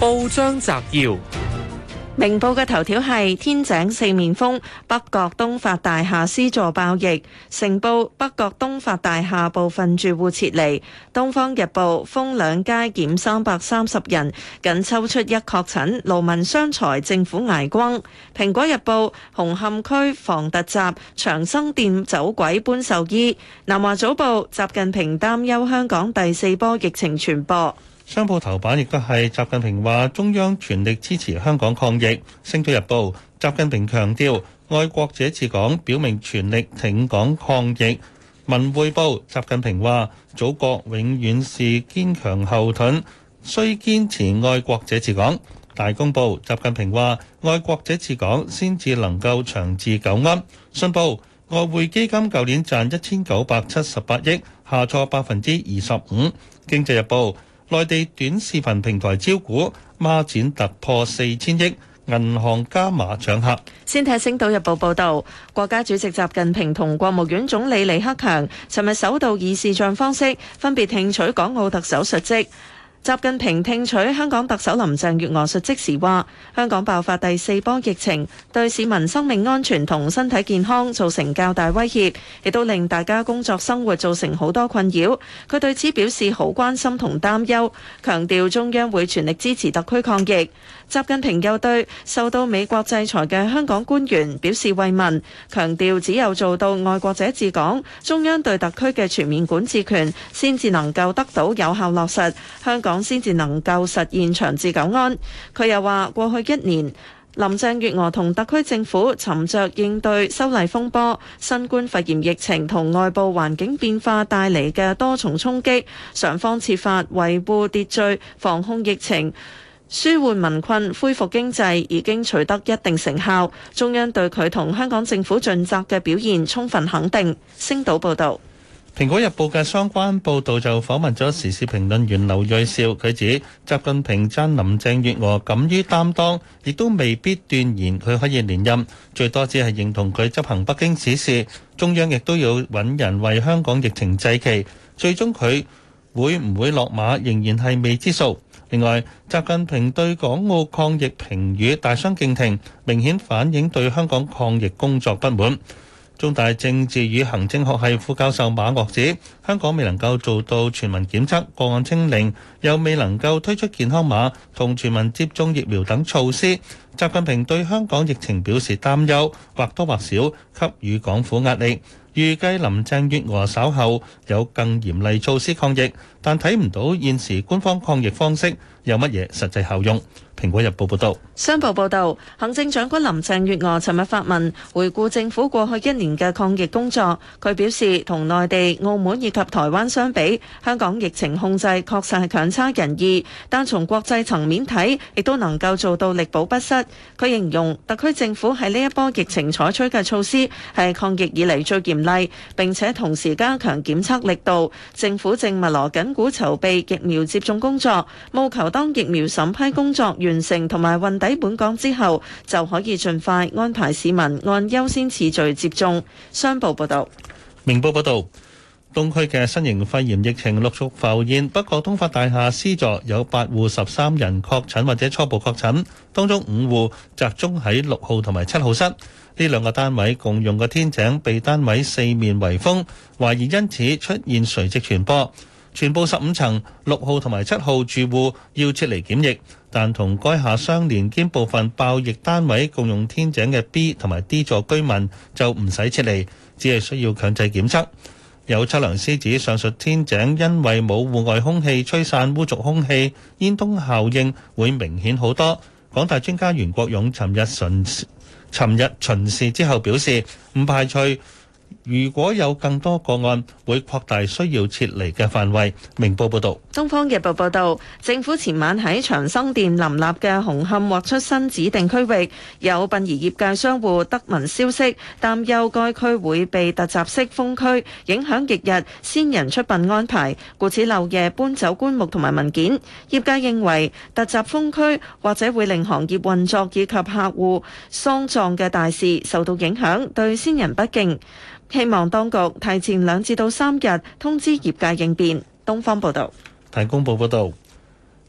報章摘要：明報嘅頭條係天井四面風，北角東發大廈 C 座爆疫。成報北角東發大廈部分住戶撤離。東方日報封兩街檢三百三十人，僅抽出一確診，勞民傷財，政府捱光蘋果日報紅磡區防突襲，長生店走鬼搬壽衣。南華早報習近平擔憂香港第四波疫情傳播。商報頭版亦都係習近平話，中央全力支持香港抗疫。星島日報，習近平強調，愛國者治港，表明全力挺港抗疫。文匯報，習近平話，祖國永遠是堅強後盾，需堅持愛國者治港。大公報，習近平話，愛國者治港先至能夠長治久安。信報，外匯基金舊年賺一千九百七十八億，下挫百分之二十五。經濟日報，內地短視頻平台招股孖展突破四千億，銀行加碼搶客。先睇《星島日報》報道，國家主席習近平同國務院總理李克強尋日首度以視像方式分別聽取港澳特首述職。習近平聽取香港特首林鄭月娥述職時話：香港爆發第四波疫情，對市民生命安全同身體健康造成較大威脅，亦都令大家工作生活造成好多困擾。佢對此表示好關心同擔憂，強調中央會全力支持特區抗疫。習近平又對受到美國制裁嘅香港官員表示慰問，強調只有做到愛國者治港，中央對特區嘅全面管治權先至能夠得到有效落實。香港。港先至能夠實現長治久安。佢又話：過去一年，林鄭月娥同特區政府沉着應對修例風波、新冠肺炎疫情同外部環境變化帶嚟嘅多重衝擊，想方設法維護秩序、防控疫情、舒緩民困、恢復經濟，已經取得一定成效。中央對佢同香港政府盡責嘅表現充分肯定。星島報道。《蘋果日報》嘅相關報導就訪問咗時事評論員劉瑞兆，佢指習近平讚林鄭月娥敢於擔當，亦都未必斷言佢可以連任，最多只係認同佢執行北京指示。中央亦都要揾人為香港疫情祭旗，最終佢會唔會落馬，仍然係未知數。另外，習近平對港澳抗疫評語大相徑庭，明顯反映對香港抗疫工作不滿。中大政治與行政學系副教授馬岳指，香港未能夠做到全民檢測、個案清零，又未能夠推出健康碼同全民接種疫苗等措施，習近平對香港疫情表示擔憂，或多或少給予港府壓力。預計林鄭月娥稍後有更嚴厲措施抗疫，但睇唔到現時官方抗疫方式有乜嘢實際效用。《蘋果日報》報道，商報報道，行政長官林鄭月娥尋日發問，回顧政府過去一年嘅抗疫工作。佢表示，同內地、澳門以及台灣相比，香港疫情控制確實係強差人意，但從國際層面睇，亦都能夠做到力保不失。佢形容特區政府喺呢一波疫情採取嘅措施係抗疫以嚟最嚴厲。並且同時加強檢測力度，政府正密鑼緊鼓籌備疫苗接種工作，務求當疫苗審批工作完成同埋運抵本港之後，就可以盡快安排市民按優先次序接種。商報報導，明報報導。東區嘅新型肺炎疫情陸續浮現，不過東發大廈 C 座有八戶十三人確診或者初步確診，當中五戶集中喺六號同埋七號室呢兩個單位共用嘅天井，被單位四面圍封，懷疑因此出現垂直傳播。全部十五層六號同埋七號住戶要撤離檢疫，但同該廈相連兼部分爆疫單位共用天井嘅 B 同埋 D 座居民就唔使撤離，只係需要強制檢測。有測量師指上述天井因為冇戶外空氣吹散污濁空氣，煙囪效應會明顯好多。港大專家袁國勇尋日巡尋日巡視之後表示，唔排除。如果有更多個案，會擴大需要撤離嘅範圍，明報報道，東方日報報道，政府前晚喺長生店林立嘅紅磡劃出新指定區域。有殯儀業界商戶得聞消息，擔憂該區會被突襲式封區，影響翌日先人出殯安排，故此漏夜搬走棺木同埋文件。業界認為突襲封區或者會令行業運作以及客戶喪葬嘅大事受到影響，對先人不敬。希望當局提前兩至到三日通知業界應變。東方報道，大公報報道，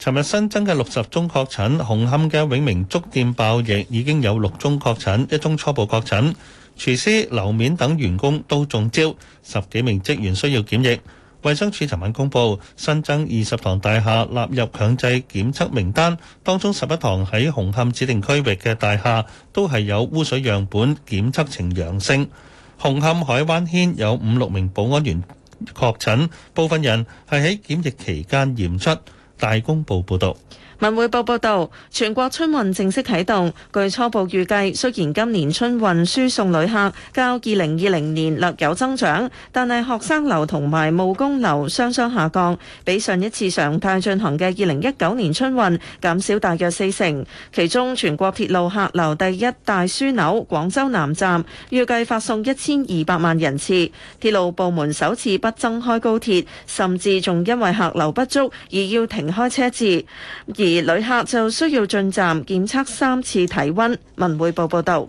尋日新增嘅六十宗確診，紅磡嘅永明粥店爆疫已經有六宗確診，一宗初步確診，廚師、樓面等員工都中招，十幾名職員需要檢疫。衞生署尋晚公佈新增二十幢大廈納入強制檢測名單，當中十一幢喺紅磡指定區域嘅大廈都係有污水樣本檢測呈陽性。紅磡海灣軒有五六名保安員確診，部分人係喺檢疫期間驗出。《大公報》報導。文匯報報道，全國春運正式啟動。據初步預計，雖然今年春運輸送旅客較二零二零年略有增長，但係學生流同埋務工流雙雙下降，比上一次常態進行嘅二零一九年春運減少大約四成。其中，全國鐵路客流第一大樞紐廣州南站預計發送一千二百萬人次。鐵路部門首次不增開高鐵，甚至仲因為客流不足而要停開車次。而而旅客就需要進站檢測三次體温。文匯報報導，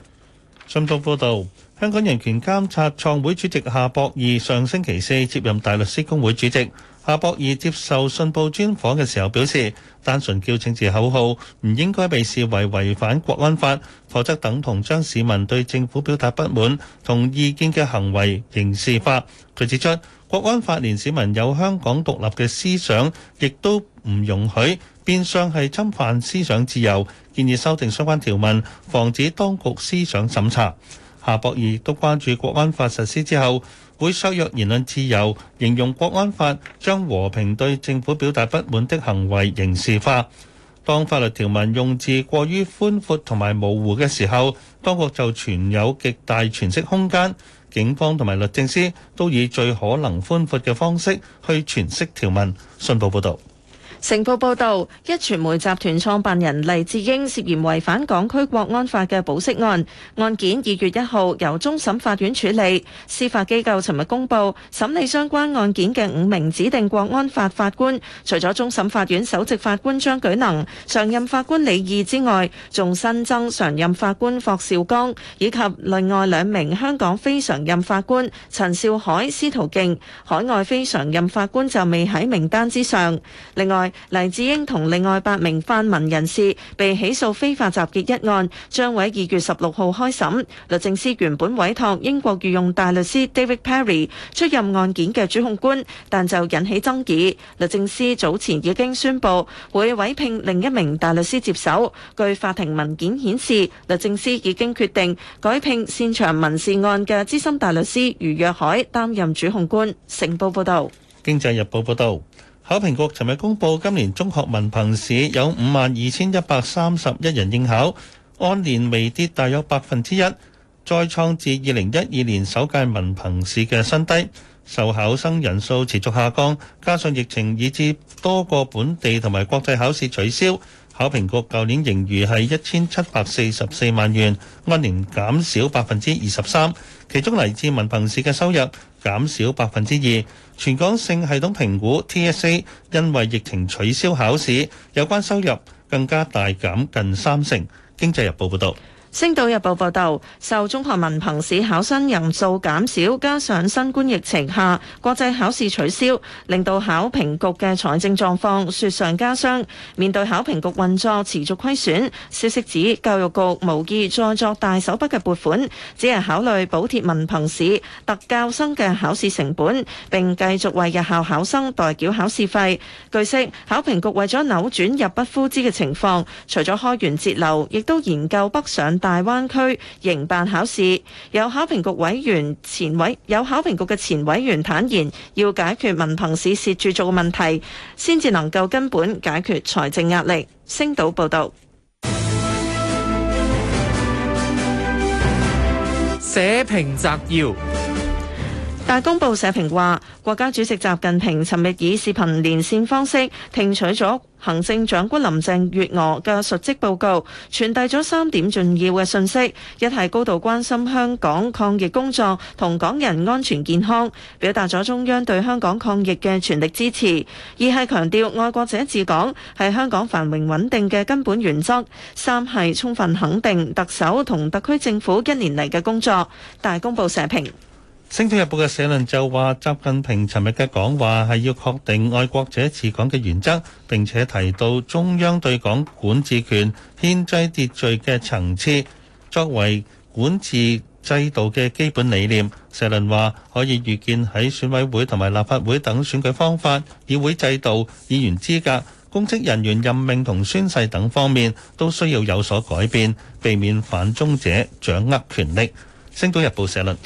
信報報導，香港人權監察創會主席夏博義上星期四接任大律師公會主席。夏博義接受信報專訪嘅時候表示，單純叫政治口號唔應該被視為違反國安法，否則等同將市民對政府表達不滿同意見嘅行為刑事化。佢指出，國安法連市民有香港獨立嘅思想，亦都唔容許。變相係侵犯思想自由，建議修訂相關條文，防止當局思想審查。夏博義都關注國安法實施之後會削弱言論自由，形容國安法將和平對政府表達不滿的行為刑事化。當法律條文用字過於寬闊同埋模糊嘅時候，當局就存有極大詮釋空間。警方同埋律政司都以最可能寬闊嘅方式去詮釋條文。信報報道。成報報導，一傳媒集團創辦人黎智英涉嫌違反港區國安法嘅保釋案，案件二月一號由終審法院處理。司法機構尋日公布審理相關案件嘅五名指定國安法法官，除咗終審法院首席法官張舉能、常任法官李義之外，仲新增常任法官霍兆剛以及另外兩名香港非常任法官陳兆愷、司徒敬，海外非常任法官就未喺名單之上。另外。黎智英同另外八名泛民人士被起訴非法集結一案，將會二月十六號開審。律政司原本委託英國御用大律師 David Perry 出任案件嘅主控官，但就引起爭議。律政司早前已經宣布會委聘另一名大律師接手。據法庭文件顯示，律政司已經決定改聘擅長民事案嘅資深大律師余若海擔任主控官。成報報道，經濟日報報道。考評局尋日公佈，今年中學文憑試有五萬二千一百三十一人應考，按年微跌大約百分之一，再創自二零一二年首屆文憑試嘅新低。受考生人數持續下降，加上疫情以致多個本地同埋國際考試取消。考評局舊年盈餘係一千七百四十四萬元，按年減少百分之二十三，其中嚟自文憑試嘅收入減少百分之二，全港性系統評估 TSA 因為疫情取消考試，有關收入更加大減近三成。經濟日報報道。星島日報報道，受中學文憑試考生人數減少，加上新冠疫情下國際考試取消，令到考評局嘅財政狀況雪上加霜。面對考評局運作持續虧損，消息指教育局無意再作大手筆嘅撥款，只係考慮補貼文憑試特教生嘅考試成本，並繼續為日校考生代繳考試費。據悉，考評局為咗扭轉入不敷支嘅情況，除咗開源節流，亦都研究北上。大灣區營辦考試，有考評局委員前委有考評局嘅前委員坦言，要解決文憑試蝕住做嘅問題，先至能夠根本解決財政壓力。星島報道。社評摘要。大公報社評話，國家主席習近平尋日以視頻連線方式聽取咗行政長官林鄭月娥嘅述職報告，傳遞咗三點重要嘅信息：一係高度關心香港抗疫工作同港人安全健康，表達咗中央對香港抗疫嘅全力支持；二係強調愛國者治港係香港繁榮穩定嘅根本原則；三係充分肯定特首同特區政府一年嚟嘅工作。大公報社評。《星島日報》嘅社論就話，習近平尋日嘅講話係要確定愛國者治港嘅原則，並且提到中央對港管治權、憲制秩序嘅層次，作為管治制度嘅基本理念。社論話可以預見喺選委會同埋立法會等選舉方法、議會制度、議員資格、公職人員任命同宣誓等方面，都需要有所改變，避免反中者掌握權力。《星島日報》社論。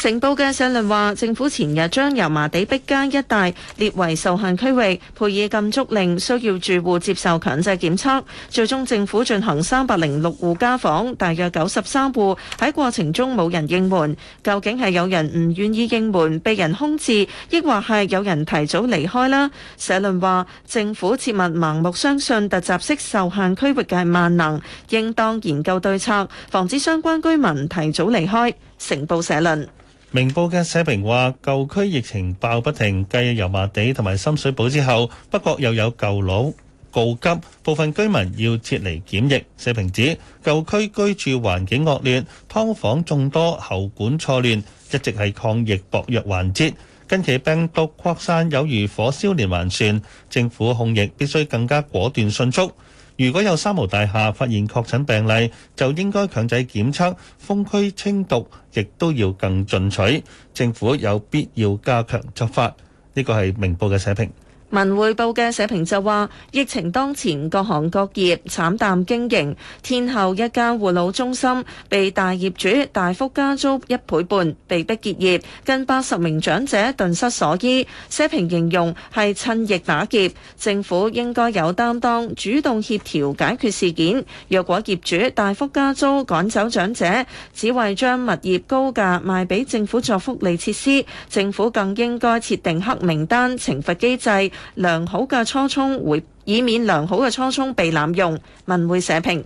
成報嘅社論話，政府前日將油麻地碧街一帶列為受限區域，配以禁足令，需要住戶接受強制檢測。最終政府進行三百零六戶家訪，大約九十三戶喺過程中冇人應門。究竟係有人唔願意應門，被人空置，抑或係有人提早離開啦？社論話，政府切勿盲目相信突襲式受限區域嘅萬能，應當研究對策，防止相關居民提早離開。成報社論。明報嘅社評話：舊區疫情爆不停，繼油麻地同埋深水埗之後，北角又有舊樓告急，部分居民要撤離檢疫。社評指舊區居住環境惡劣，劏房眾多，喉管錯亂，一直係抗疫薄弱環節。近期病毒擴散有如火燒連環船，政府控疫必須更加果斷迅速。如果有三無大廈發現確診病例，就應該強制檢測、封區清毒，亦都要更進取。政府有必要加強執法。呢個係明報嘅社評。文匯報嘅社評就話：疫情當前，各行各業慘淡經營。天后一間護老中心被大業主大幅加租一倍半，被迫結業，近八十名長者頓失所依。社評形容係趁疫打劫，政府應該有擔當，主動協調解決事件。若果業主大幅加租趕走長者，只為將物業高價賣俾政府作福利設施，政府更應該設定黑名單、懲罰機制。良好嘅初衷，會以免良好嘅初衷被濫用。文匯社評。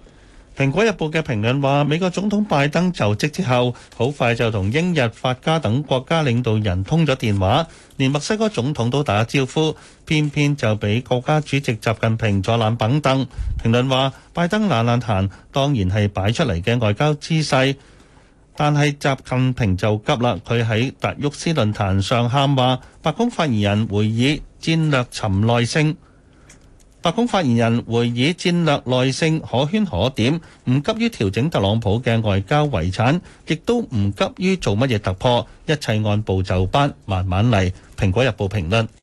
《蘋果日報》嘅評論話：美國總統拜登就職之後，好快就同英、日、法、加等國家領導人通咗電話，連墨西哥總統都打招呼，偏偏就俾國家主席習近平坐冷板凳。評論話：拜登懶懶談，當然係擺出嚟嘅外交姿勢，但係習近平就急啦。佢喺達沃斯論壇上喊話，白宮發言人會議。戰略尋耐性，白宮發言人會以戰略耐性可圈可點，唔急於調整特朗普嘅外交遺產，亦都唔急於做乜嘢突破，一切按部就班，慢慢嚟。蘋果日報評論。